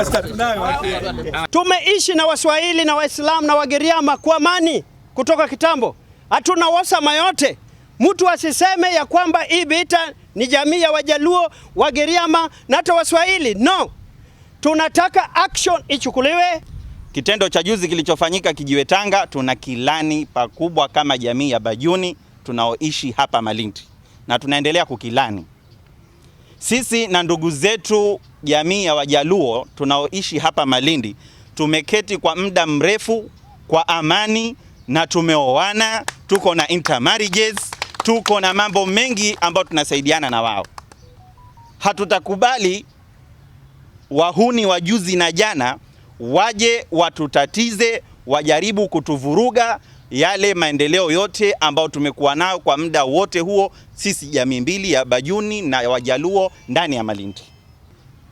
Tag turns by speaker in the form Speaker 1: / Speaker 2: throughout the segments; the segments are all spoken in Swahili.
Speaker 1: Ah, ah. Tumeishi na Waswahili na Waislamu na Wagiriama kwa amani kutoka kitambo, hatuna wasama yote. Mtu asiseme ya kwamba hii vita ni jamii ya Wajaluo, Wagiriama na hata Waswahili. No, tunataka action ichukuliwe.
Speaker 2: Kitendo cha juzi kilichofanyika Kijiwe Tanga tuna kilani pakubwa kama jamii ya Bajuni tunaoishi hapa Malindi na tunaendelea kukilani. Sisi na ndugu zetu jamii ya Wajaluo tunaoishi hapa Malindi tumeketi kwa muda mrefu kwa amani na tumeoana, tuko na intermarriages, tuko na mambo mengi ambayo tunasaidiana na wao. Hatutakubali wahuni wa juzi na jana waje watutatize, wajaribu kutuvuruga yale maendeleo yote ambayo tumekuwa nayo kwa muda wote huo, sisi jamii mbili ya Bajuni na Wajaluo ndani ya Malindi.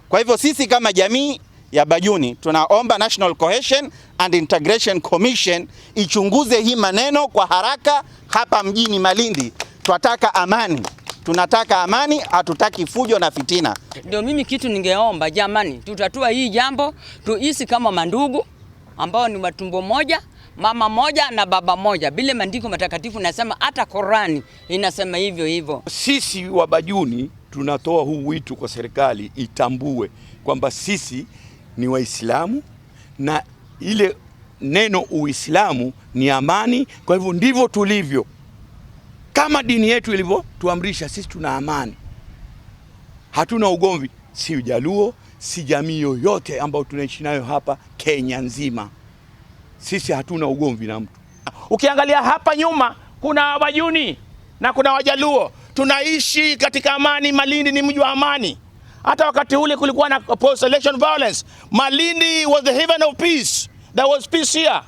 Speaker 2: Kwa hivyo sisi kama jamii ya Bajuni tunaomba National Cohesion and Integration Commission ichunguze hii maneno kwa haraka hapa mjini Malindi. Tunataka amani, tunataka amani, hatutaki fujo na fitina.
Speaker 3: Ndio mimi kitu ningeomba, jamani, tutatua hii jambo, tuishi kama mandugu ambao ni matumbo moja mama moja na baba moja, bila maandiko matakatifu nasema, hata Korani inasema hivyo hivyo.
Speaker 4: Sisi wa Bajuni tunatoa huu wito kwa serikali itambue kwamba sisi ni Waislamu na ile neno Uislamu ni amani. Kwa hivyo ndivyo tulivyo, kama dini yetu ilivyotuamrisha sisi tuna amani, hatuna ugomvi, si Ujaluo si jamii yoyote ambayo tunaishi nayo hapa Kenya nzima. Sisi hatuna ugomvi na mtu.
Speaker 1: Ukiangalia hapa nyuma kuna Wajuni na kuna Wajaluo tunaishi katika amani. Malindi ni mji wa amani. Hata wakati ule kulikuwa na post election violence. Malindi was the haven of peace. There was peace here.